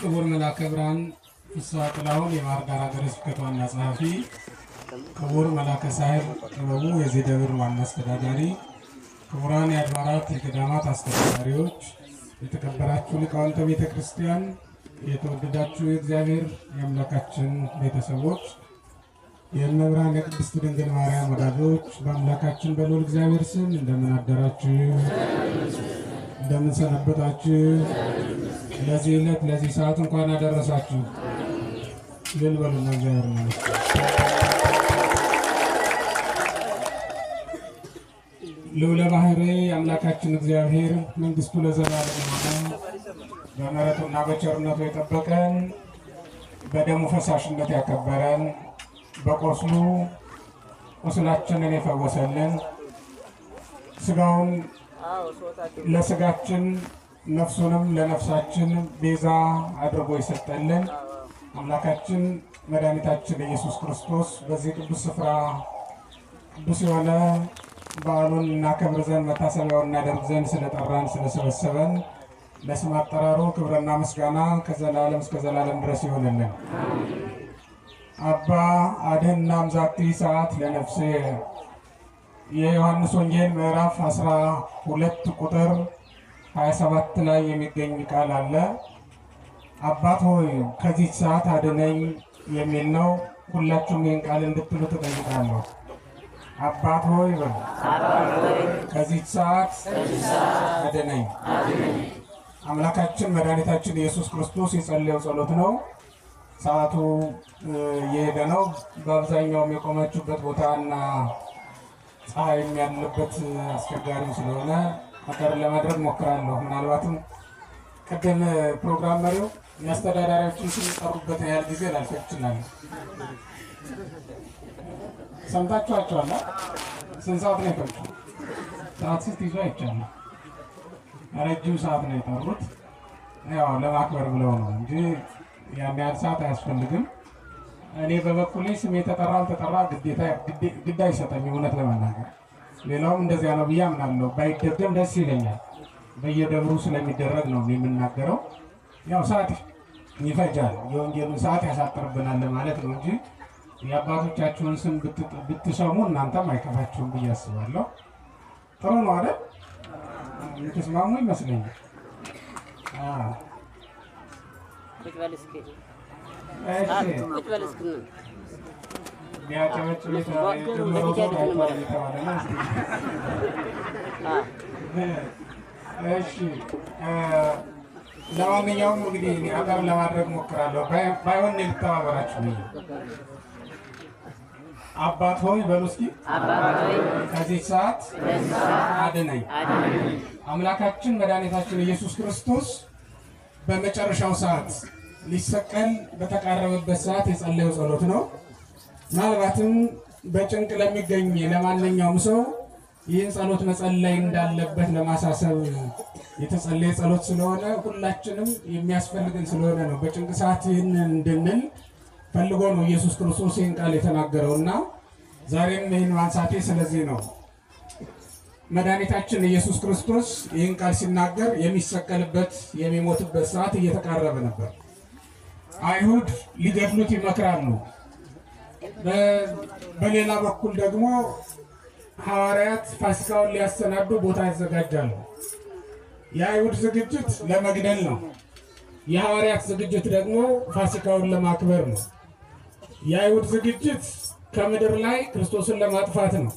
ክቡር መላከ ብርሃን ፍስሐ ጥላሁን የባህር ዳር ሀገረ ስብከት ዋና ጸሐፊ፣ ክቡር መላከ ሳህል ጥበቡ የዚህ ደብር ዋና አስተዳዳሪ፣ ክቡራን የአድባራት የገዳማት አስተዳዳሪዎች፣ የተከበራችሁ ሊቃውንተ ቤተ ክርስቲያን፣ የተወደዳችሁ የእግዚአብሔር የአምላካችን ቤተሰቦች፣ የእመብርሃን የቅድስት ድንግል ማርያም ወዳጆች፣ በአምላካችን በልዑል እግዚአብሔር ስም እንደምን አደራችሁ? እንደምን ሰነበታችሁ? ለዚህ ዕለት ለዚህ ሰዓት እንኳን አደረሳችሁ ልል በሉ ነው ልውለ ባህሬ አምላካችን እግዚአብሔር መንግስቱ ለዘላለም ነው። በምሕረቱና በቸርነቱ የጠበቀን በደሙ ፈሳሽነት ያከበረን በቆስሉ ቁስላችንን የፈወሰልን ስጋውን ለስጋችን ነፍሱንም ለነፍሳችን ቤዛ አድርጎ ይሰጠልን አምላካችን መድኃኒታችን ኢየሱስ ክርስቶስ በዚህ ቅዱስ ስፍራ ቅዱስ የሆነ በዓሉን እናከብር ዘንድ መታሰቢያውን እናደርግ ዘንድ ስለጠራን ስለሰበሰበን ለስም አጠራሩ ክብርና ምስጋና ከዘላለም እስከ ዘላለም ድረስ ይሆንልን። አባ አድኅና እምዛቲ ሰዓት ለነፍሴ የዮሐንስ ወንጌል ምዕራፍ 12 ቁጥር 27 ላይ የሚገኝ ቃል አለ። አባት ሆይ ከዚህ ሰዓት አድነኝ የሚል ነው። ሁላችሁም ይህን ቃል እንድትሉ ትጠይቃለሁ። አባት ሆይ በል ከዚህ ሰዓት አድነኝ። አምላካችን መድኃኒታችን ኢየሱስ ክርስቶስ የጸለየው ጸሎት ነው። ሰዓቱ የሄደ ነው። በአብዛኛውም የቆመችበት ቦታና ፀሐይም ያለበት አስቸጋሪ ስለሆነ ነገር ለማድረግ ሞክራለሁ። ምናልባትም ቅድም ፕሮግራም መሪው የአስተዳዳሪዎችን ስንጠሩበትን ያህል ጊዜ ላልፈጅ እችላለሁ። ሰምታችኋቸዋል። ስንት ሰዓት ነው የፈጁ? ሰዓት ስትይዙ አይቻልም። ረጅም ሰዓት ነው የጠሩት። ያው ለማክበር ብለው ነው እንጂ ያን ያህል ሰዓት አያስፈልግም። እኔ በበኩሌ ስሜ ተጠራ አልተጠራ ግዴታ ግድ አይሰጠኝም እውነት ለመናገር ሌላው እንደዚያ ነው ብዬ አምናለሁ። ባይደገም ደስ ይለኛል። በየደብሩ ስለሚደረግ ነው የምናገረው። ያው ሰዓት ይፈጃል፣ የወንጌሉን ሰዓት ያሳጥርብናል ለማለት ነው እንጂ የአባቶቻችሁን ስም ብትሰሙ እናንተም አይከፋችሁም ብዬ አስባለሁ። ጥሩ ነው አይደል? የተስማሙ ይመስለኛል። እሺ ለማንኛውም እንግዲህ አጋም ለማድረግ ሞክራለሁ። ባይሆን ልተባበራችሁ አባት ሆይ ከዚህ ሰዓት አድነኝ። አምላካችን መድኃኒታችን ኢየሱስ ክርስቶስ በመጨረሻው ሰዓት ሊሰቀል በተቃረበበት ሰዓት የጸለየው ጸሎት ነው። ምናልባትም በጭንቅ ለሚገኝ ለማንኛውም ሰው ይህን ጸሎት መጸለይ እንዳለበት ለማሳሰብ የተጸለየ ጸሎት ስለሆነ ሁላችንም የሚያስፈልግን ስለሆነ ነው። በጭንቅ ሰዓት ይህን እንድንል ፈልጎ ነው ኢየሱስ ክርስቶስ ይህን ቃል የተናገረው እና ዛሬም ይህን ማንሳቴ ስለዚህ ነው። መድኃኒታችን ኢየሱስ ክርስቶስ ይህን ቃል ሲናገር የሚሰቀልበት የሚሞትበት ሰዓት እየተቃረበ ነበር። አይሁድ ሊገድሉት ይመክራሉ። በሌላ በኩል ደግሞ ሐዋርያት ፋሲካውን ሊያሰናዱ ቦታ ያዘጋጃሉ። የአይሁድ ዝግጅት ለመግደል ነው። የሐዋርያት ዝግጅት ደግሞ ፋሲካውን ለማክበር ነው። የአይሁድ ዝግጅት ከምድር ላይ ክርስቶስን ለማጥፋት ነው።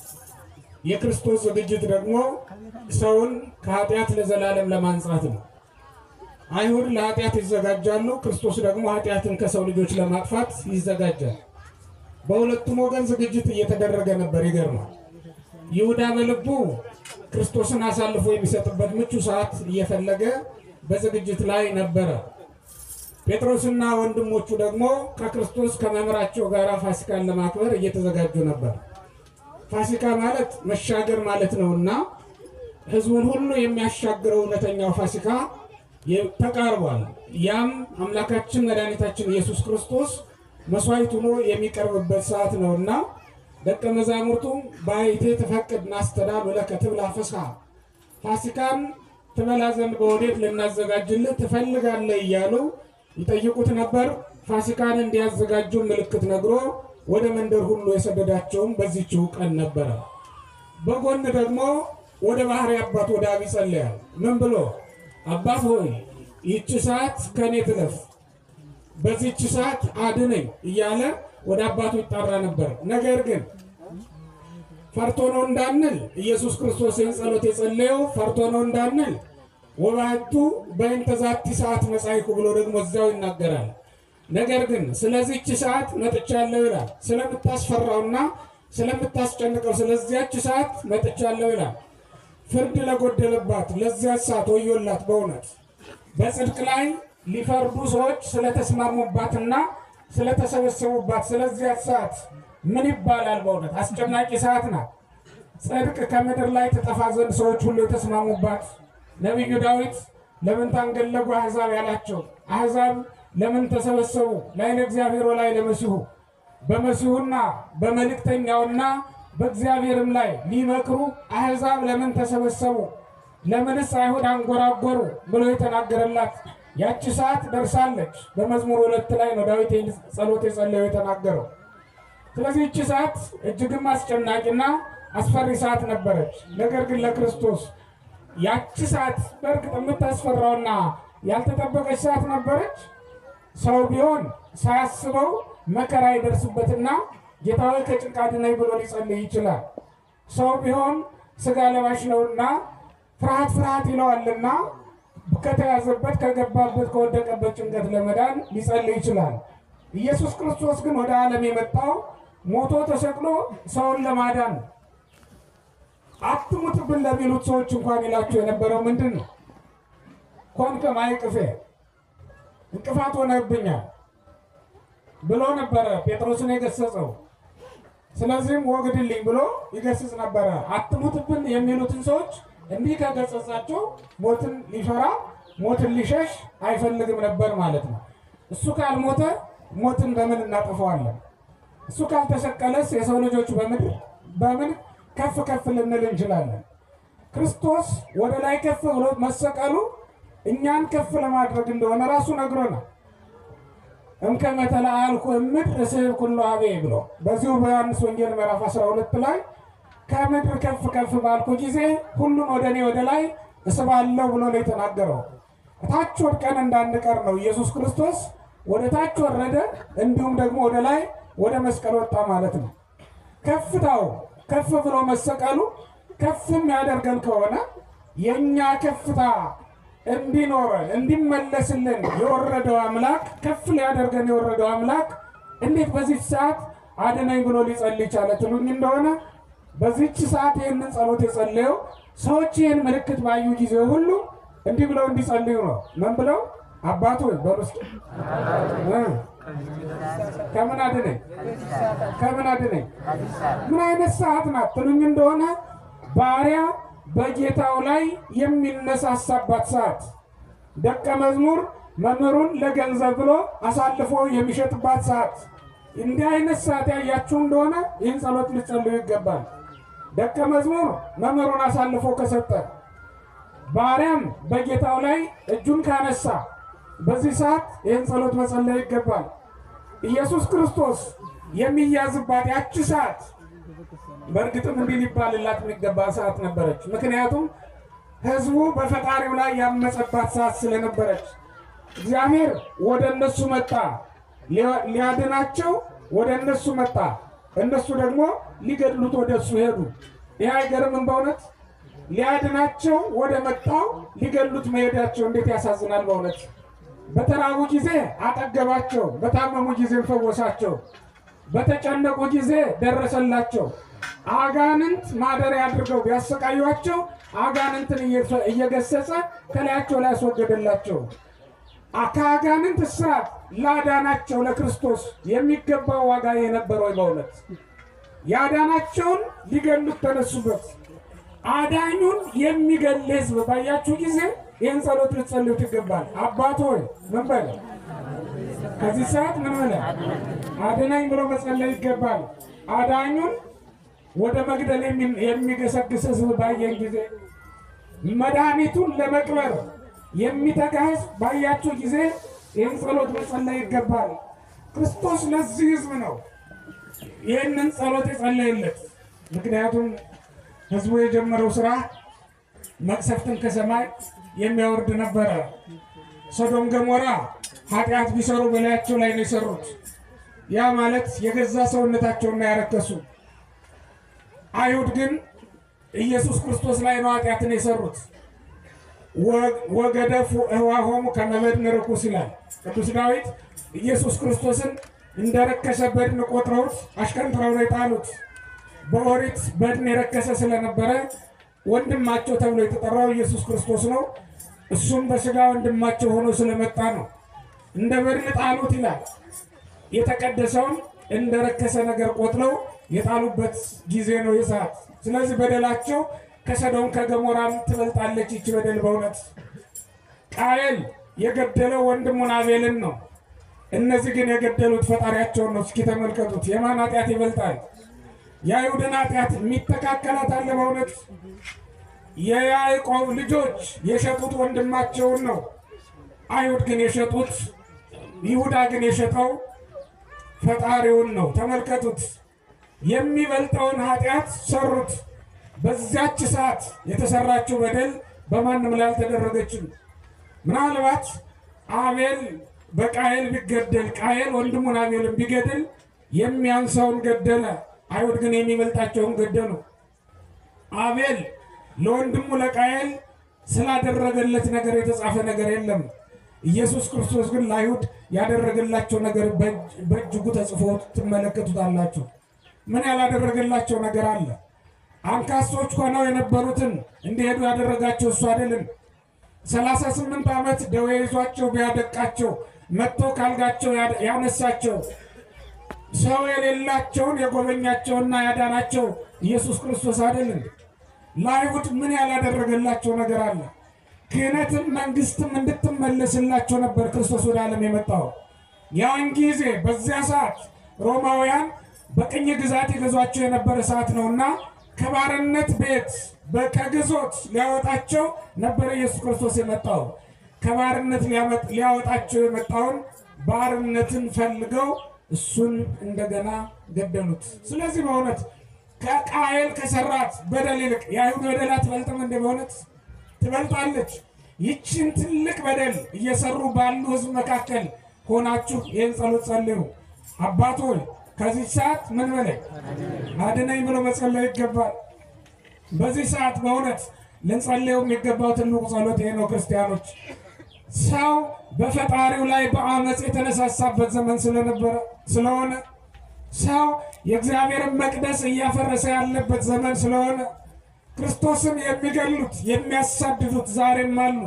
የክርስቶስ ዝግጅት ደግሞ ሰውን ከኃጢአት ለዘላለም ለማንጻት ነው። አይሁድ ለኃጢአት ይዘጋጃሉ። ክርስቶስ ደግሞ ኃጢአትን ከሰው ልጆች ለማጥፋት ይዘጋጃል። በሁለቱም ወገን ዝግጅት እየተደረገ ነበር። ይገርማል። ይሁዳ በልቡ ክርስቶስን አሳልፎ የሚሰጥበት ምቹ ሰዓት እየፈለገ በዝግጅት ላይ ነበረ። ጴጥሮስና ወንድሞቹ ደግሞ ከክርስቶስ ከመምራቸው ጋር ፋሲካን ለማክበር እየተዘጋጁ ነበር። ፋሲካ ማለት መሻገር ማለት ነውና ሕዝቡን ሁሉ የሚያሻግረው እውነተኛው ፋሲካ ተቃርቧል። ያም አምላካችን መድኃኒታችን ኢየሱስ ክርስቶስ መስዋዕት ሆኖ የሚቀርብበት ሰዓት ነውና ደቀ መዛሙርቱም በአይቴ ተፈቅድ ናስተዳሉ ለከ ትብላ ፍስሐ ፋሲካን ትበላ ዘንድ በወዴት ልናዘጋጅልህ ትፈልጋለህ እያሉ ይጠይቁት ነበር። ፋሲካን እንዲያዘጋጁ ምልክት ነግሮ ወደ መንደር ሁሉ የሰደዳቸውም በዚችው ቀን ነበረ። በጎን ደግሞ ወደ ባህሪ አባት ወደ አብ ይጸልያል። ምን ብሎ አባት ሆይ ይቺ ሰዓት ከእኔ ትለፍ በዚች ሰዓት አድነኝ እያለ ወደ አባቱ ይጣራ ነበር። ነገር ግን ፈርቶ ነው እንዳንል ኢየሱስ ክርስቶስ ይህን ጸሎት የጸለየው ፈርቶ ነው እንዳንል ወባቱ በእንተ ዛቲ ሰዓት መጻይኩ ብሎ ደግሞ እዚያው ይናገራል። ነገር ግን ስለዚች ሰዓት መጥቻለሁ ይላል። ስለምታስፈራውና ስለምታስጨንቀው ስለዚያች ሰዓት መጥቻለሁ ይላል። ፍርድ ለጎደለባት ለዚያች ሰዓት ወዮላት። በእውነት በጽድቅ ላይ ሊፈርዱ ሰዎች ስለተስማሙባትና ስለተሰበሰቡባት ስለዚያ ሰዓት ምን ይባላል? በእውነት አስጨናቂ ሰዓት ናት። ጽድቅ ከምድር ላይ ተጠፋ ዘንድ ሰዎች ሁሉ የተስማሙባት። ነቢዩ ዳዊት ለምን ታንገለጉ አሕዛብ ያላቸው አሕዛብ ለምን ተሰበሰቡ? ላይ ለእግዚአብሔር ላይ ለመሲሁ በመሲሁና በመልእክተኛውና በእግዚአብሔርም ላይ ሊመክሩ አሕዛብ ለምን ተሰበሰቡ? ለምንስ አይሁድ አንጎራጎሩ ብሎ የተናገረላት ያቺ ሰዓት ደርሳለች። በመዝሙር ሁለት ላይ ነው ዳዊት ጸሎት የጸለየው የተናገረው። ስለዚህ እቺ ሰዓት እጅግም አስጨናቂና አስፈሪ ሰዓት ነበረች። ነገር ግን ለክርስቶስ ያቺ ሰዓት በእርግጥ የምታስፈራውና ያልተጠበቀች ሰዓት ነበረች። ሰው ቢሆን ሳያስበው መከራ ይደርስበትና ጌታ ሆይ ከጭንቅ አድነኝ ብሎ ሊጸልይ ይችላል። ሰው ቢሆን ስጋ ለባሽ ነውና ፍርሃት ፍርሃት ይለዋልና ከተያዘበት ከገባበት ከወደቀበት ጭንቀት ለመዳን ሊጸልይ ይችላል። ኢየሱስ ክርስቶስ ግን ወደ ዓለም የመጣው ሞቶ ተሰቅሎ ሰውን ለማዳን አትሙትብን ለሚሉት ሰዎች እንኳን ይላቸው የነበረው ምንድን ነው? ኮንከ ማይቅፌ እንቅፋት ሆነብኛል ብሎ ነበረ ጴጥሮስን የገሰጸው። ስለዚህም ወግድልኝ ብሎ ይገስጽ ነበረ። አትሙትብን የሚሉትን ሰዎች እንዲህ ከገሰጻቸው ሞትን ሊፈራ ሞትን ሊሸሽ አይፈልግም ነበር ማለት ነው። እሱ ካልሞተ ሞትን በምን እናጠፈዋለን? እሱ ካልተሰቀለስ የሰው ልጆች በምድር በምን ከፍ ከፍ ልንል እንችላለን? ክርስቶስ ወደ ላይ ከፍ ብሎ መሰቀሉ እኛን ከፍ ለማድረግ እንደሆነ ራሱ ነግሮናል። እምከመ ተለአልኩ እምድር እስሕብ ኩሉ ኀቤ ብሎ በዚሁ በዮሐንስ ወንጌል ምዕራፍ 12 ላይ ከምድር ከፍ ከፍ ባልኩ ጊዜ ሁሉን ወደ እኔ ወደ ላይ እስባለሁ ብሎ ነው የተናገረው። ታች ወድቀን እንዳንቀር ነው ኢየሱስ ክርስቶስ ወደ ታች ወረደ፣ እንዲሁም ደግሞ ወደ ላይ ወደ መስቀል ወጣ ማለት ነው። ከፍታው ከፍ ብሎ መሰቀሉ ከፍም ያደርገን ከሆነ የእኛ ከፍታ እንዲኖረን እንዲመለስልን የወረደው አምላክ ከፍ ሊያደርገን የወረደው አምላክ እንዴት በዚች ሰዓት አድነኝ ብሎ ሊጸልይ ቻለ ትሉኝ እንደሆነ በዚች ሰዓት ይህንን ጸሎት የጸለየው ሰዎች ይህን ምልክት ባዩ ጊዜ ሁሉ እንዲህ ብለው እንዲጸልዩ ነው። ምን ብለው አባቱ በሉስ ከምን አድነኝ ከምን አድነኝ። ምን አይነት ሰዓት ናት ትሉኝ እንደሆነ ባሪያ በጌታው ላይ የሚነሳሳባት ሰዓት፣ ደቀ መዝሙር መምህሩን ለገንዘብ ብሎ አሳልፎ የሚሸጥባት ሰዓት። እንዲህ አይነት ሰዓት ያያችሁ እንደሆነ ይህን ጸሎት ልጸልዩ ይገባል። ደቀ መዝሙር መምህሩን አሳልፎ ከሰጠ ባሪያም በጌታው ላይ እጁን ካነሳ በዚህ ሰዓት ይህን ጸሎት መጸለይ ይገባል። ኢየሱስ ክርስቶስ የሚያዝባት ያቺ ሰዓት በእርግጥም እንዲህ ሊባልላት የሚገባ ሰዓት ነበረች። ምክንያቱም ሕዝቡ በፈጣሪው ላይ ያመፀባት ሰዓት ስለነበረች እግዚአብሔር ወደ እነሱ መጣ፣ ሊያድናቸው ወደ እነሱ መጣ። እነሱ ደግሞ ሊገድሉት ወደ እሱ ሄዱ። ይህ አይገርምም በእውነት? ሊያድናቸው ወደ መጣው ሊገሉት መሄዳቸው እንዴት ያሳዝናል በእውነት። በተራቡ ጊዜ አጠገባቸው፣ በታመሙ ጊዜ ፈወሳቸው፣ በተጨነቁ ጊዜ ደረሰላቸው። አጋንንት ማደሪያ አድርገው ቢያሰቃዩቸው አጋንንትን እየገሰጸ ከላያቸው ላይ ያስወገደላቸው። ከአጋንንት እስራት ላዳናቸው ለክርስቶስ የሚገባው ዋጋ የነበረው በእውነት ያዳናቸውን ሊገሉት ተነሱበት። አዳኙን የሚገል ህዝብ ባያችሁ ጊዜ ይህን ጸሎት ልትጸልዩ ትገባል። አባት ሆይ ምን በለ ከዚህ ሰዓት ምን ሆነ አድናኝ ብሎ መጸለይ ይገባል። አዳኙን ወደ መግደል የሚገሰግስ ህዝብ ባየን ጊዜ መድኃኒቱን ለመቅበር የሚተጋ ህዝብ ባያችሁ ጊዜ ይህን ጸሎት መጸለይ ይገባል። ክርስቶስ ለዚህ ህዝብ ነው ይህንን ጸሎት የጸለየለት ምክንያቱም ህዝቡ የጀመረው ስራ መቅሰፍትን ከሰማይ የሚያወርድ ነበረ። ሶዶም ገሞራ ኃጢአት ቢሰሩ በላያቸው ላይ ነው የሰሩት። ያ ማለት የገዛ ሰውነታቸውን ያረከሱ። አይሁድ ግን ኢየሱስ ክርስቶስ ላይ ነው ኃጢአትን የሰሩት። ወገደፉ እህዋሆሙ ከመበድን ርኩስ ይላል ቅዱስ ዳዊት። ኢየሱስ ክርስቶስን እንደረከሰ በድን ቆጥረውት አሽቀንጥረው ነው የጣሉት። በኦሪት በድን የረከሰ ስለነበረ ወንድማቸው ተብሎ የተጠራው ኢየሱስ ክርስቶስ ነው። እሱም በስጋ ወንድማቸው ሆኖ ስለመጣ ነው። እንደ በድን ጣሉት ይላል። የተቀደሰውን እንደረከሰ ነገር ቆጥለው የጣሉበት ጊዜ ነው የሰዓት። ስለዚህ በደላቸው ከሰዶም ከገሞራም ትበልጣለች ይች በደል። በእውነት ቃየል የገደለው ወንድሙን አቤልን ነው። እነዚህ ግን የገደሉት ፈጣሪያቸውን ነው። እስኪ ተመልከቱት፣ የማን ኃጢአት ይበልጣል? የአይሁድን ኃጢአት የሚተካከላት አለ በእውነት የያዕቆብ ልጆች የሸጡት ወንድማቸውን ነው። አይሁድ ግን የሸጡት ይሁዳ ግን የሸጠው ፈጣሪውን ነው። ተመልከቱት፣ የሚበልጠውን ኃጢአት ሰሩት። በዚያች ሰዓት የተሰራችው በደል በማንም ላይ አልተደረገችም። ምናልባት አቤል በቃየል ቢገደል ቃየል ወንድሙን አቤልን ቢገድል የሚያንሰውን ገደለ። አይሁድ ግን የሚበልጣቸውን ገደሉ። አቤል ለወንድሙ ለቃየል ስላደረገለት ነገር የተጻፈ ነገር የለም። ኢየሱስ ክርስቶስ ግን ለአይሁድ ያደረገላቸው ነገር በእጅጉ ተጽፎ ትመለከቱታላችሁ። ምን ያላደረገላቸው ነገር አለ? አንካሶች ሆነው የነበሩትን እንዲሄዱ ያደረጋቸው እሱ አይደለም? ሰላሳ ስምንት ዓመት ደዌ ይዟቸው ቢያደቃቸው መጥቶ ካልጋቸው ያነሳቸው ሰው የሌላቸውን የጎበኛቸውና ያዳናቸው ኢየሱስ ክርስቶስ አይደለም። ለአይሁድ ምን ያላደረገላቸው ነገር አለ? ክህነትም መንግስትም እንድትመለስላቸው ነበር ክርስቶስ ወደ ዓለም የመጣው። ያን ጊዜ በዚያ ሰዓት ሮማውያን በቅኝ ግዛት የገዟቸው የነበረ ሰዓት ነውና ከባርነት ቤት ከግዞት ሊያወጣቸው ነበረ ኢየሱስ ክርስቶስ የመጣው። ከባርነት ሊያወጣቸው የመጣውን ባርነትን ፈልገው እሱን እንደገና ገደሉት። ስለዚህ በእውነት ከቃየል ከሰራት በደል ይልቅ የአይሁድ በደል አትበልጥም? እንደ በእውነት ትበልጣለች። ይችን ትልቅ በደል እየሰሩ ባሉ ህዝብ መካከል ሆናችሁ ይህን ጸሎት ጸልዩ። አባት ሆይ ከዚህ ሰዓት ምን በላይ አድነኝ ብሎ መጸለይ ይገባል። በዚህ ሰዓት በእውነት ልንጸልየው የሚገባው ትልቁ ጸሎት ይሄ ነው ክርስቲያኖች ሰው በፈጣሪው ላይ በአመፅ የተነሳሳበት ዘመን ስለነበረ ስለሆነ ሰው የእግዚአብሔርን መቅደስ እያፈረሰ ያለበት ዘመን ስለሆነ ክርስቶስን የሚገሉት የሚያሳድዱት ዛሬም አሉ።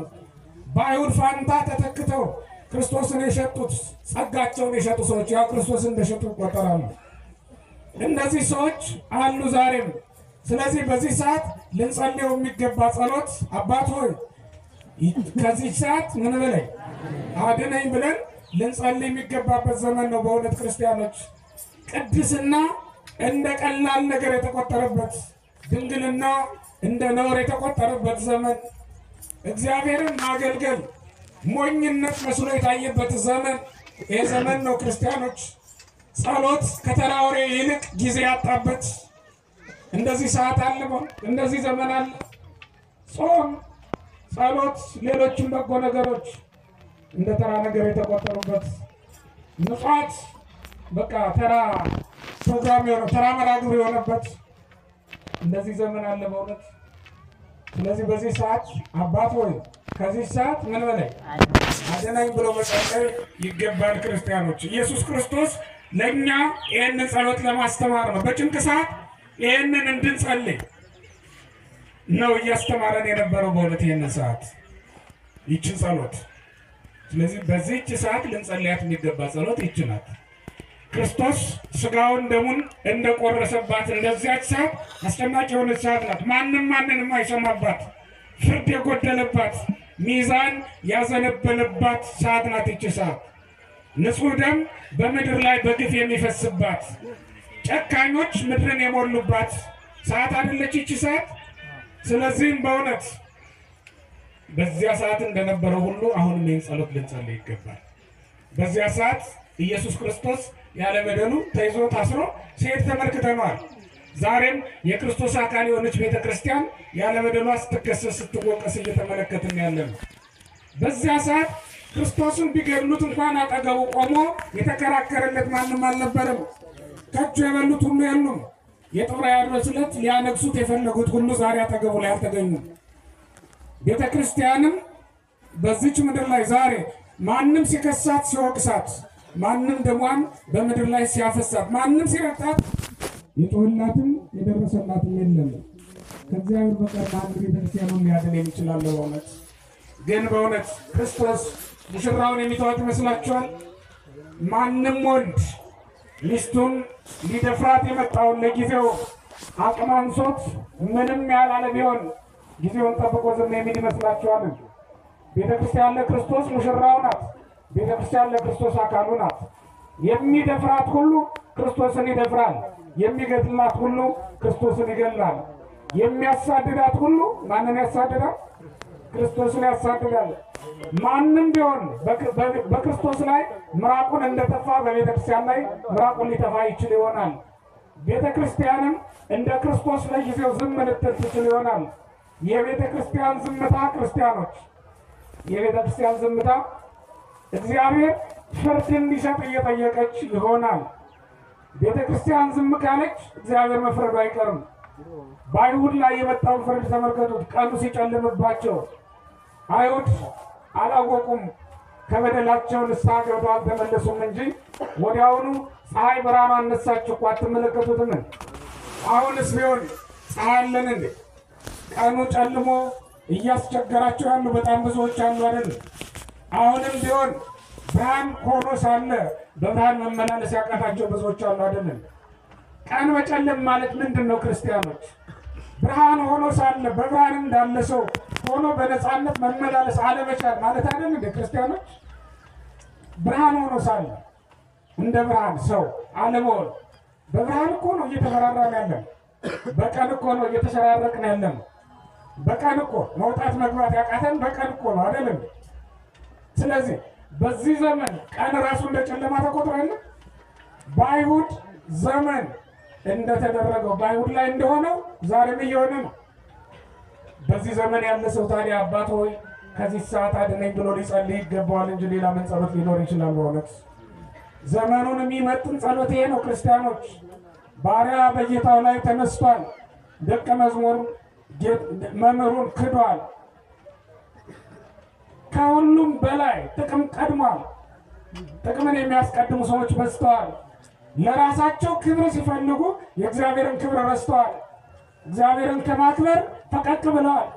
በአይሁድ ፋንታ ተተክተው ክርስቶስን የሸጡት ጸጋቸውን የሸጡ ሰዎች ያው ክርስቶስን እንደሸጡ ይቆጠራሉ። እነዚህ ሰዎች አሉ ዛሬም። ስለዚህ በዚህ ሰዓት ልንጸልየው የሚገባ ጸሎት አባት ሆይ ከዚህ ሰዓት ምን በላይ አድነኝ ብለን ልንጸልይ የሚገባበት ዘመን ነው። በእውነት ክርስቲያኖች ቅድስና እንደ ቀላል ነገር የተቆጠረበት፣ ድንግልና እንደ ነውር የተቆጠረበት ዘመን፣ እግዚአብሔርን ማገልገል ሞኝነት መስሎ የታየበት ዘመን ይህ ዘመን ነው። ክርስቲያኖች ጸሎት ከተራ ወሬ ይልቅ ጊዜ ያጣበት እንደዚህ ሰዓት አለ፣ እንደዚህ ዘመን አለ። ጾም ጸሎት፣ ሌሎችም በጎ ነገሮች እንደ ተራ ነገር የተቆጠሩበት ምጽዋት በቃ ተራ ፕሮግራም የሆነ ተራ መርሃ የሆነበት እንደዚህ ዘመን አለ በእውነት። ስለዚህ በዚህ ሰዓት አባት ሆይ ከዚህ ሰዓት ምን በላይ አደናኝ ብሎ መጸለይ ይገባል። ክርስቲያኖች ኢየሱስ ክርስቶስ ለእኛ ይህንን ጸሎት ለማስተማር ነው። በጭንቅ ሰዓት ይህንን እንድንጸልይ ነው እያስተማረን የነበረው በእውነት ይህንን ሰዓት ይችን ጸሎት። ስለዚህ በዚህች ሰዓት ልንጸልያት የሚገባ ጸሎት ይች ናት። ክርስቶስ ስጋውን ደሙን እንደቆረሰባት እንደዚያች ሰዓት አስጨናቂ የሆነች ሰዓት ናት። ማንም ማንን የማይሰማባት ፍርድ የጎደለባት ሚዛን ያዘነበለባት ሰዓት ናት። ይች ሰዓት ንጹሕ ደም በምድር ላይ በግፍ የሚፈስባት ጨካኞች ምድርን የሞሉባት ሰዓት አይደለች ይች ሰዓት ስለዚህም በእውነት በዚያ ሰዓት እንደነበረው ሁሉ አሁንም ይህን ጸሎት ልንጸልይ ይገባል። በዚያ ሰዓት ኢየሱስ ክርስቶስ ያለመደኑ ተይዞ ታስሮ ሴት ተመልክተነዋል። ዛሬም የክርስቶስ አካል የሆነች ቤተ ክርስቲያን ያለ ስትከሰስ፣ ስትወቀስ እየተመለከትን ያለ በዚያ ሰዓት ክርስቶስን ቢገድሉት እንኳን አጠገቡ ቆሞ የተከራከረለት ማንም አልነበረም። ከእጁ የበሉት ሁሉ የሉም። የጥብርያዶስ ዕለት ሊያነግሱት የፈለጉት ሁሉ ዛሬ አጠገቡ ላይ አልተገኙም። ቤተ ክርስቲያንም በዚች ምድር ላይ ዛሬ ማንም ሲከሳት ሲወቅሳት፣ ማንም ደሟን በምድር ላይ ሲያፈሳት፣ ማንም ሲረጣት የጮህላትም የደረሰላትም የለም። ከእግዚአብሔር በቀር ማንም ቤተክርስቲያኑን ሊያድን የሚችላለ። በእውነት ግን በእውነት ክርስቶስ ሙሽራውን የሚተዋት ይመስላችኋል? ማንም ወልድ ሚስቱን ሊደፍራት የመጣውን ለጊዜው አቅም አንሶት ምንም ያላለ ቢሆን ጊዜውን ጠብቆ ዝም የሚል ይመስላችኋል? ቤተ ክርስቲያን ለክርስቶስ ሙሽራው ናት። ቤተ ክርስቲያን ለክርስቶስ አካሉ ናት። የሚደፍራት ሁሉ ክርስቶስን ይደፍራል። የሚገድላት ሁሉ ክርስቶስን ይገድላል። የሚያሳድዳት ሁሉ ማንን ያሳድዳል? ክርስቶስን ያሳድዳል። ማንም ቢሆን በክርስቶስ ላይ ምራቁን እንደተፋ በቤተ ክርስቲያን ላይ ምራቁን ሊተፋ ይችል ይሆናል። ቤተ ክርስቲያንም እንደ ክርስቶስ ለጊዜው ዝም ልትል ትችል ይሆናል። የቤተ ክርስቲያን ዝምታ ክርስቲያኖች፣ የቤተ ክርስቲያን ዝምታ እግዚአብሔር ፍርድ እንዲሰጥ እየጠየቀች ይሆናል። ቤተ ክርስቲያን ዝም ካለች እግዚአብሔር መፍረዱ አይቀርም። በአይሁድ ላይ የመጣውን ፍርድ ተመልከቱት። ቀኑ ሲጨልምባቸው አይሁድ አላወቁም። ከበደላቸው ንስሐ ገብተው አልተመለሱም እንጂ ወዲያውኑ ፀሐይ ብርሃኗ አነሳችሁ እኮ አትመለከቱትም። አሁንስ ቢሆን ፀሐይ አለን እንዴ? ቀኑ ጨልሞ እያስቸገራቸው ያሉ በጣም ብዙዎች አሉ አይደል? አሁንም ቢሆን ብርሃን ሆኖ ሳለ በብርሃን መመላለስ ያቃታቸው ብዙዎች አሉ አይደለም? ቀን በጨለም ማለት ምንድን ነው? ክርስቲያኖች ብርሃን ሆኖ ሳለ በብርሃን እንዳለ ሰው ሆኖ በነፃነት መመላለስ አለመቻል ማለት አይደለም። እንደ ክርስቲያኖች ብርሃን ሆኖ ሳለ እንደ ብርሃን ሰው አለመሆን። በብርሃን እኮ ነው እየተፈራራን ያለን፣ በቀን እኮ ነው እየተሸራረቅን ያለን። በቀን እኮ መውጣት መግባት ያቃተን በቀን እኮ ነው አይደለም? ስለዚህ በዚህ ዘመን ቀን ራሱ እንደ ጨለማ ተቆጥሮ ተቆጥሯል። በአይሁድ ዘመን እንደተደረገው በአይሁድ ላይ እንደሆነው ዛሬም እየሆነ ነው። በዚህ ዘመን ያለ ሰው ታዲያ አባት ሆይ ከዚህ ሰዓት አድነኝ ብሎ ሊጸልይ ይገባዋል እንጂ ሌላ ምን ጸሎት ሊኖር ይችላል? በእውነት ዘመኑን የሚመጥን ጸሎት ይሄ ነው። ክርስቲያኖች ባሪያ በጌታው ላይ ተነስቷል። ደቀ መዝሙር መምህሩን ክዷል። ከሁሉም በላይ ጥቅም ቀድሟል። ጥቅምን የሚያስቀድሙ ሰዎች በዝተዋል። ለራሳቸው ክብር ሲፈልጉ የእግዚአብሔርን ክብር ረስተዋል። እግዚአብሔርን ከማክበር ፈቀቅ ብለዋል።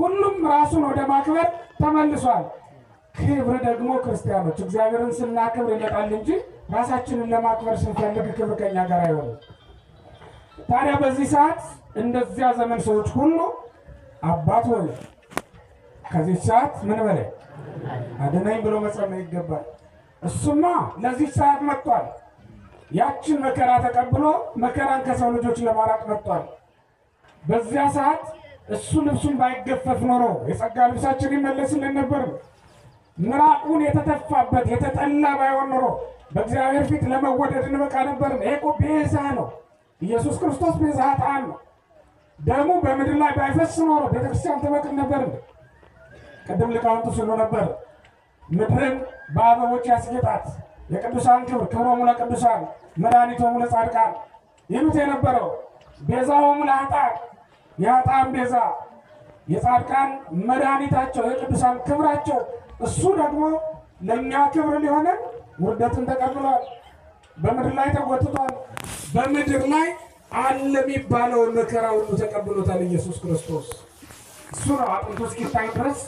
ሁሉም ራሱን ወደ ማክበር ተመልሷል። ክብር ደግሞ ክርስቲያኖች እግዚአብሔርን ስናክብር ይመጣል እንጂ ራሳችንን ለማክበር ስንፈልግ ክብር ከኛ ጋር አይሆንም። ታዲያ በዚህ ሰዓት እንደዚያ ዘመን ሰዎች ሁሉ አባት ሆይ ከዚህ ሰዓት ምን በለ አድነኝ ብሎ መጸመ ይገባል። እሱማ ለዚህ ሰዓት መጥቷል። ያችን መከራ ተቀብሎ መከራን ከሰው ልጆች ለማራቅ መጥቷል። በዚያ ሰዓት እሱ ልብሱን ባይገፈፍ ኖሮ የጸጋ ልብሳችን ይመለስልን ነበር። ምራቁን የተተፋበት የተጠላ ባይሆን ኖሮ በእግዚአብሔር ፊት ለመወደድ እንበቃ ነበርን። ይሄ እኮ ቤዛ ነው። ኢየሱስ ክርስቶስ ቤዛ ጣን ነው። ደሙ በምድር ላይ ባይፈስ ኖሮ ቤተክርስቲያን ትበቅል ነበርን። ቅድም ሊቃውንቱ ሲሉ ነበር ምድርን በአበቦች ያስጌጣት የቅዱሳን ክብር ክብሮሙ ለቅዱሳን መድኃኒቶሙ ለጻድቃን ይሉት የነበረው ቤዛሆሙ ለኃጥአን የኃጥአን ቤዛ የጻድቃን መድኃኒታቸው የቅዱሳን ክብራቸው እሱ ደግሞ ለእኛ ክብር ሊሆነን ውርደትን ተቀብሏል። በምድር ላይ ተጎትቷል። በምድር ላይ አለ የሚባለውን መከራ ሁሉ ተቀብሎታል። ኢየሱስ ክርስቶስ እሱ ነው። አጥንቱ እስኪታይ ድረስ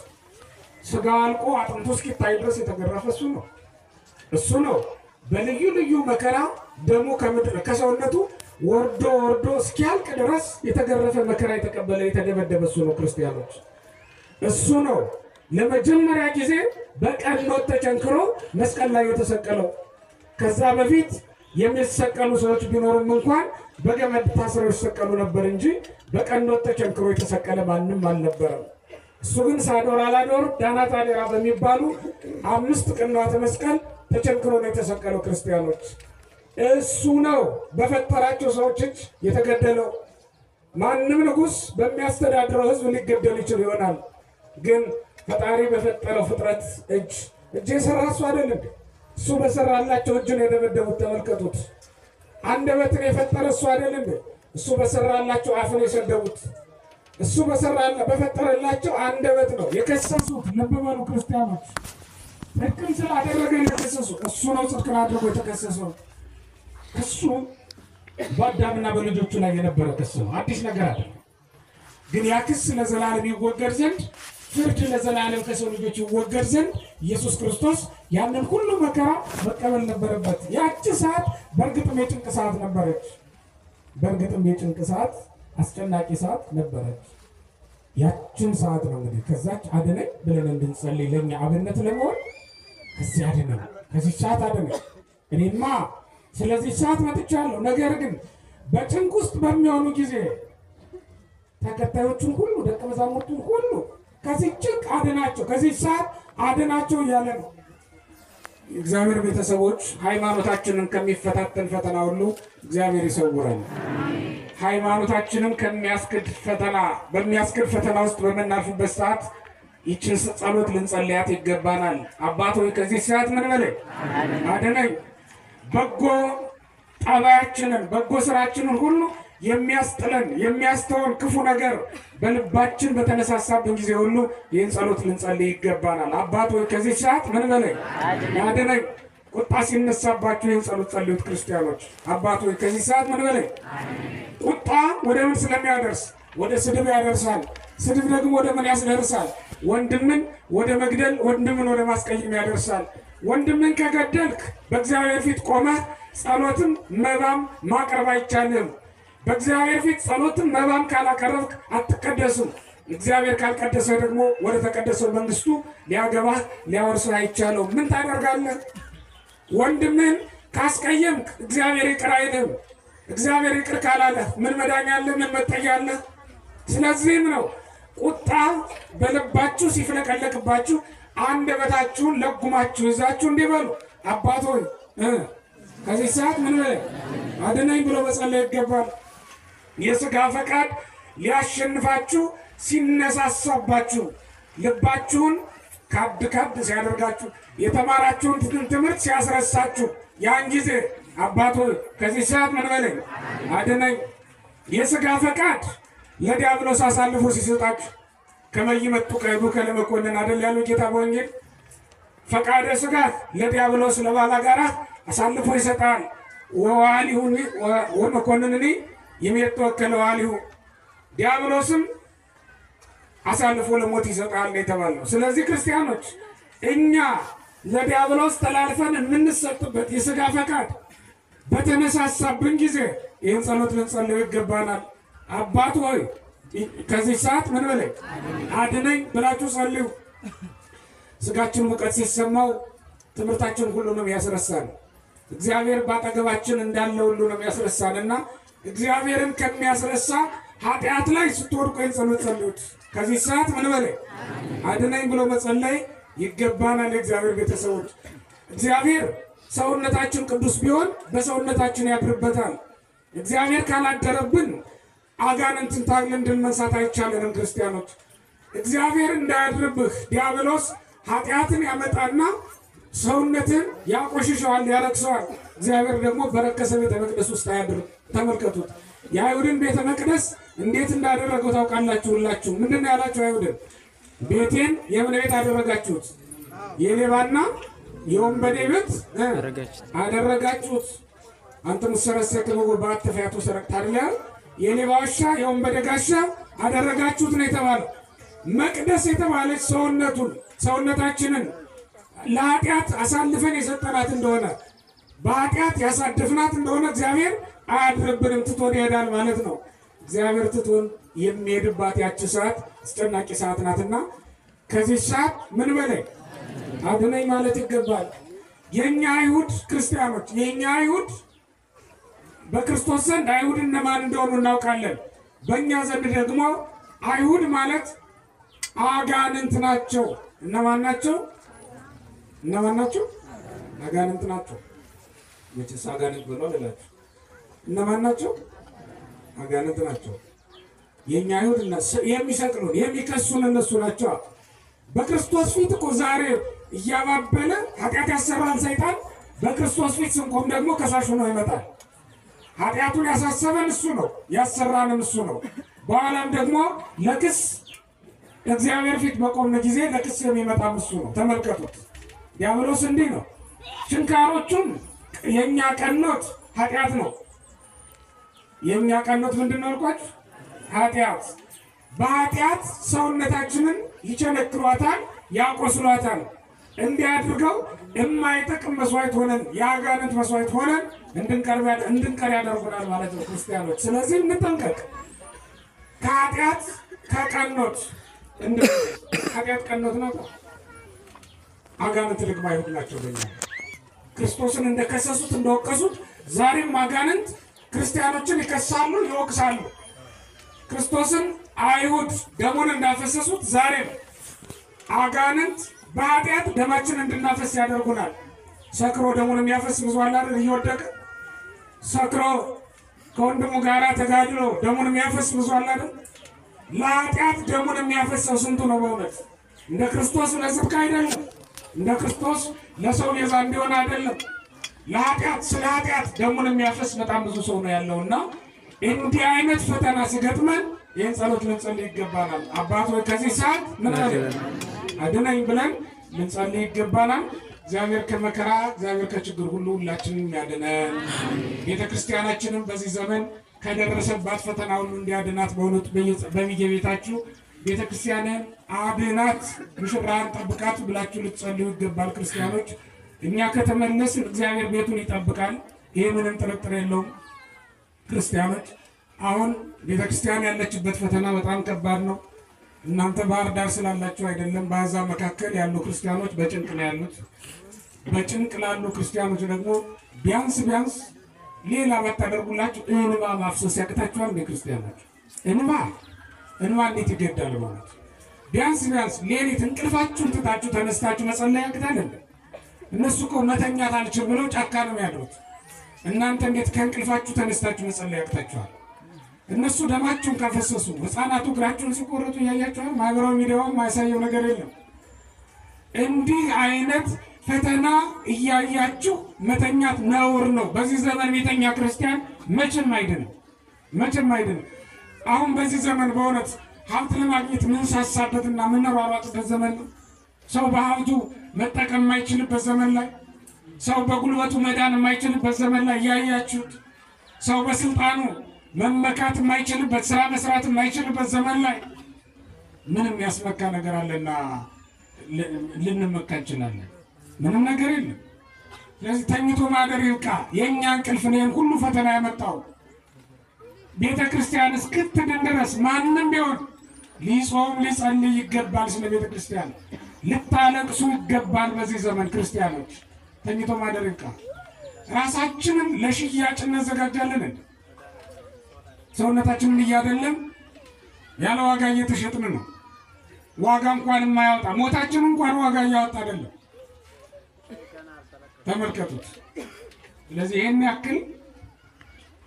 ስጋ አልቆ አጥንቱ እስኪታይ ድረስ የተገረፈ እሱ ነው። እሱ ነው በልዩ ልዩ መከራ ከምድር ከሰውነቱ ወርዶ ወርዶ እስኪያልቅ ድረስ የተገረፈ መከራ የተቀበለ የተደበደበ እሱ ነው። ክርስቲያኖች እሱ ነው ለመጀመሪያ ጊዜ በቀኖት ተቸንክሮ መስቀል ላይ የተሰቀለው። ከዛ በፊት የሚሰቀሉ ሰዎች ቢኖሩም እንኳን በገመድ ታስረው ይሰቀሉ ነበር እንጂ በቀኖት ተቸንክሮ የተሰቀለ ማንም አልነበረም። እሱ ግን ሳዶር አላዶር፣ ዳናት፣ አዴራ በሚባሉ አምስት ቅንዋተ መስቀል ተቸንክሮ ነው የተሰቀለው ክርስቲያኖች እሱ ነው በፈጠራቸው ሰዎች እጅ የተገደለው። ማንም ንጉሥ በሚያስተዳድረው ህዝብ ሊገደል ይችል ይሆናል፣ ግን ፈጣሪ በፈጠረው ፍጥረት እጅ እጅ የሰራ እሱ አይደለም። እሱ በሰራላቸው እጅን የደበደቡት ተመልከቱት። አንደበትን የፈጠረ እሱ አይደለም። እሱ በሰራላቸው አፍን የሰደቡት እሱ በፈጠረላቸው አንደበት ነው የከሰሱት። ልብ በሉ ክርስቲያኖች፣ ጽድቅን ስላደረገ የተከሰሱ እሱ ነው። ጽድቅን አድርጎ የተከሰሰው ክሱ በአዳምና በልጆቹ ላይ የነበረ ክስ ነው። አዲስ ነገር አለ። ግን ያ ክስ ለዘላለም ይወገድ ዘንድ ፍርድ ለዘላለም ከሰው ልጆች ይወገድ ዘንድ ኢየሱስ ክርስቶስ ያንን ሁሉ መከራ መቀበል ነበረበት። ያቺ ሰዓት በእርግጥም የጭንቅ ሰዓት ነበረች። በእርግጥም የጭንቅ ሰዓት፣ አስጨናቂ ሰዓት ነበረች። ያችን ሰዓት ነው እንግዲህ ከዛች አድነኝ ብለን እንድንጸልይ ለእኛ አብነት ለመሆን ከዚህ አድነን፣ ከዚህ ሰዓት አድነኝ እኔማ ስለዚህ ሰዓት መጥቻለሁ። ነገር ግን በጭንቅ ውስጥ በሚሆኑ ጊዜ ተከታዮቹን ሁሉ ደቀ መዛሙርቱን ሁሉ ከዚህ ጭንቅ አድናቸው፣ ከዚህ ሰዓት አድናቸው እያለ ነው። እግዚአብሔር ቤተሰቦች ሃይማኖታችንን ከሚፈታተን ፈተና ሁሉ እግዚአብሔር ይሰውራል። ሃይማኖታችንን ከሚያስክድ ፈተና በሚያስክድ ፈተና ውስጥ በምናልፍበት ሰዓት ይችን ጸሎት ልንጸልያት ይገባናል። አባት ሆይ ከዚህ ሰዓት ምን በለ አድነኝ በጎ ጠባያችንን በጎ ስራችንን ሁሉ የሚያስጥለን የሚያስተውን ክፉ ነገር በልባችን በተነሳሳብን ጊዜ ሁሉ ይህን ጸሎት ልንጸልይ ይገባናል። አባት ወይ ከዚህ ሰዓት ምን በለኝ ያደረግ ቁጣ ሲነሳባችሁ ይህን ጸሎት ጸልዩት። ክርስቲያኖች አባት ወይ ከዚህ ሰዓት ምን በለኝ። ቁጣ ወደ ምን ስለሚያደርስ ወደ ስድብ ያደርሳል። ስድብ ደግሞ ወደ ምን ያስደርሳል? ወንድምን ወደ መግደል፣ ወንድምን ወደ ማስቀየም ያደርሳል። ወንድምን ከገደልክ በእግዚአብሔር ፊት ቆመህ ጸሎትም መባም ማቅረብ አይቻልም። በእግዚአብሔር ፊት ጸሎትም መባም ካላቀረብክ አትቀደስም። እግዚአብሔር ካልቀደሰ ደግሞ ወደ ተቀደሰው መንግስቱ ሊያገባህ ሊያወርስ አይቻለው። ምን ታደርጋለህ? ወንድምን ካስቀየምክ እግዚአብሔር ይቅር አይልም። እግዚአብሔር ይቅር ካላለህ ምን መዳኛ አለ? ምን መጠያ አለ? ስለዚህም ነው ቁጣ በልባችሁ ሲፍለቀለቅባችሁ አንደበታችሁን ለጉማችሁ ይዛችሁ እንዲበሉ በሉ፣ አባት ሆይ ከዚህ ሰዓት ምን በለ አድነኝ ብሎ መጸለይ ይገባል። የስጋ ፈቃድ ሊያሸንፋችሁ ሲነሳሳባችሁ ልባችሁን ካድ ካድ ሲያደርጋችሁ የተማራችሁን ትምህርት ሲያስረሳችሁ ያን ጊዜ አባቶ ከዚህ ሰዓት ምን በለኝ አድነኝ። የስጋ ፈቃድ ለዲያብሎስ አሳልፎ ሲሰጣችሁ ከመይመጡ ከዱከ ለመኮንን አደል ያሉ ጌታ በወንጌል ፈቃደ ስጋት ለዲያብሎስ ለባላጋራት አሳልፎ ይሰጣል። ወዋሊሁ ወመኮንንኒ የሚተወከለ ዋሊሁ ዲያብሎስም አሳልፎ ለሞት ይሰጣል የተባለው። ስለዚህ ክርስቲያኖች እኛ ለዲያብሎስ ተላልፈን የምንሰጥበት የስጋ ፈቃድ በተነሳሳብን ጊዜ ይህን ጸሎት ልንጸልዩ ይገባናል። አባት ሆይ ከዚህ ሰዓት ምን በለኝ አድነኝ ብላችሁ ጸልዩ። ስጋችን ሙቀት ሲሰማው ትምህርታችን ሁሉ ነው ያስረሳን። እግዚአብሔር ባጠገባችን እንዳለ ሁሉ ነው ያስረሳን እና እግዚአብሔርን ከሚያስረሳ ኃጢአት ላይ ስትወድቁ ይህን ጸሎት ጸልዩት። ከዚህ ሰዓት ምን በለኝ አድነኝ ብሎ መጸለይ ይገባናል። የእግዚአብሔር ቤተሰቦች እግዚአብሔር ሰውነታችን ቅዱስ ቢሆን በሰውነታችን ያድርበታል። እግዚአብሔር ካላደረብን አጋንንትን ታግለን ድል መንሳት አይቻለንም። ክርስቲያኖች እግዚአብሔር እንዳያድርብህ ዲያብሎስ ኃጢአትን ያመጣና ሰውነትን ያቆሽሸዋል፣ ያረክሰዋል። እግዚአብሔር ደግሞ በረከሰ ቤተ መቅደስ ውስጥ አያድርም። ተመልከቱት የአይሁድን ቤተ መቅደስ እንዴት እንዳደረገው ታውቃላችሁ። ሁላችሁ ምንድን ነው ያላችሁ? አይሁድን ቤቴን የምን ቤት አደረጋችሁት? የሌባና የወንበዴ ቤት አደረጋችሁት። አንተ ሙሰረሰ ከመጎ በአተፈያቱ ሰረቅታል የሌባ ዋሻ የወንበዴ ጋሻ አደረጋችሁት ነው የተባለው። መቅደስ የተባለች ሰውነቱን ሰውነታችንን ለኃጢአት አሳልፈን የሰጠናት እንደሆነ በኃጢአት ያሳደፍናት እንደሆነ እግዚአብሔር አያድርብንም፣ ትቶን ይሄዳል ማለት ነው። እግዚአብሔር ትቶን የሚሄድባት ያች ሰዓት አስጨናቂ ሰዓት ናትና ከዚህ ሰዓት ምን በላይ አድነኝ ማለት ይገባል። የእኛ አይሁድ ክርስቲያኖች የእኛ አይሁድ በክርስቶስ ዘንድ አይሁድ እነማን እንደሆኑ እናውቃለን። በእኛ ዘንድ ደግሞ አይሁድ ማለት አጋንንት ናቸው። እነማን ናቸው? እነማን ናቸው? አጋንንት ናቸው። መቼስ አጋንንት ብሎ ልላችሁ። እነማን ናቸው? አጋንንት ናቸው። የእኛ አይሁድ የሚሰቅሉን የሚከሱን እነሱ ናቸው። በክርስቶስ ፊት እኮ ዛሬ እያባበለ ኃጢአት ያሰራን ሰይጣን በክርስቶስ ፊት ስንቆም ደግሞ ከሳሽ ሆኖ ይመጣል። ኃጢአቱን ያሳሰበን እሱ ነው፣ ያሰራንም እሱ ነው። በኋላም ደግሞ ለክስ እግዚአብሔር ፊት በቆምን ጊዜ ለክስ የሚመጣም እሱ ነው። ተመልከቱት። ዲያብሎስ እንዲህ ነው። ችንካሮቹን የእኛ ቀኖት ኃጢአት ነው። የእኛ ቀኖት ምንድን ነው አልኳችሁ? ኃጢአት። በኃጢአት ሰውነታችንን ይቸነክሯታል፣ ያቆስሏታል። እንዲህ አድርገው የማይጠቅም መስዋዕት ሆነን የአጋንንት መስዋዕት ሆነን እንድንቀር ያደርጉናል ማለት ነው ክርስቲያኖች። ስለዚህ እንጠንቀቅ። ከኃጢአት ከቀኖት ኃጢአት ቀኖት ነው። አጋንንት ልግማ ይሁድ ናቸው። በኛ ክርስቶስን እንደከሰሱት እንደወቀሱት፣ ዛሬም አጋንንት ክርስቲያኖችን ይከሳሉ፣ ይወቅሳሉ። ክርስቶስን አይሁድ ደሙን እንዳፈሰሱት ዛሬም አጋንንት በኃጢአት ደማችን እንድናፈስ ያደርጉናል። ሰክሮ ደሙን የሚያፈስ ብዙ አለ አይደል? እየወደቀ ሰክሮ ከወንድሙ ጋራ ተጋድሎ ደሙን የሚያፈስ ብዙ አለ አይደል? ለኃጢአት ደሙን የሚያፈስ ሰው ስንቱ ነው? በእውነት እንደ ክርስቶስ ለጽድቅ አይደለም፣ እንደ ክርስቶስ ለሰው ቤዛ እንዲሆን አይደለም። ለኃጢአት ስለ ኃጢአት ደሙን የሚያፈስ በጣም ብዙ ሰው ነው ያለው እና እንዲህ አይነት ፈተና ሲገጥመን ይህን ጸሎት ልንጸልይ ይገባናል። አባት ከዚህ ሰዓት ምን አድናኝ ብለን ልንጸልይ ይገባናል። እግዚአብሔር ከመከራ እግዚአብሔር ከችግር ሁሉ ሁላችንም ያድነን። ቤተክርስቲያናችንም በዚህ ዘመን ከደረሰባት ፈተና ሁሉ እንዲያድናት ቤታችሁ ቤተ ክርስቲያንን አድናት፣ ሙሽራን ጠብቃት ብላችሁ ልትጸልዩ ይገባል። ክርስቲያኖች እኛ ከተመለስን እግዚአብሔር ቤቱን ይጠብቃል። ይሄ ምንም ጥርጥር የለውም። ክርስቲያኖች አሁን ቤተክርስቲያን ያለችበት ፈተና በጣም ከባድ ነው። እናንተ ባህር ዳር ስላላችሁ አይደለም። በአሕዛብ መካከል ያሉ ክርስቲያኖች በጭንቅ ነው ያሉት። በጭንቅ ላሉ ክርስቲያኖች ደግሞ ቢያንስ ቢያንስ ሌላ ባታደርጉላችሁ እንባ ማፍሰስ ያቅታችኋል። ክርስቲያኖች እንባ እንባ እንዴት ይገዳል ማለት ቢያንስ ቢያንስ ሌሊት እንቅልፋችሁን ትታችሁ ተነስታችሁ መጸለይ ያቅታል። እነሱ እኮ መተኛት አልችል ብለው ጫካ ነው ያሉት። እናንተ እንዴት ከእንቅልፋችሁ ተነስታችሁ መጸለይ ያቅታችኋል? እነሱ ደማቸውን ካፈሰሱ ህፃናቱ እግራቸውን ሲቆረጡ እያያቸዋል። ማህበራዊ ሚዲያውን ማያሳየው ነገር የለም። እንዲህ አይነት ፈተና እያያችሁ መተኛት ነውር ነው። በዚህ ዘመን የተኛ ክርስቲያን መቼም አይድንም፣ መቼም አይድንም። አሁን በዚህ ዘመን በእውነት ሀብት ለማግኘት ምንሳሳበትና ምንሯሯጥበት ዘመን ነው። ሰው በሀብቱ መጠቀም የማይችልበት ዘመን ላይ፣ ሰው በጉልበቱ መዳን የማይችልበት ዘመን ላይ እያያችሁት ሰው በስልጣኑ መመካት የማይችልበት ስራ መስራት የማይችልበት ዘመን ላይ ምንም ያስመካ ነገር አለና ልንመካ እንችላለን? ምንም ነገር የለም። ስለዚህ ተኝቶ ማደር ይብቃ። የእኛ እንቅልፍ ነው ሁሉ ፈተና ያመጣው። ቤተ ክርስቲያን እስክትድን ድረስ ማንም ቢሆን ሊጾም ሊጸልይ ይገባል። ስለ ቤተ ክርስቲያን ልታለቅሱ ይገባል። በዚህ ዘመን ክርስቲያኖች ተኝቶ ማደር ይብቃ። ራሳችንን ለሽያጭ እናዘጋጃለን። ሰውነታችንን እያደለም ያለ ዋጋ እየተሸጥን ነው። ዋጋ እንኳን የማያወጣ ሞታችን እንኳን ዋጋ እያወጣ አይደለም። ተመልከቱት። ስለዚህ ይህን ያክል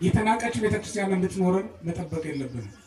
የተናቀች ቤተክርስቲያን እንድትኖረን መጠበቅ የለብንም።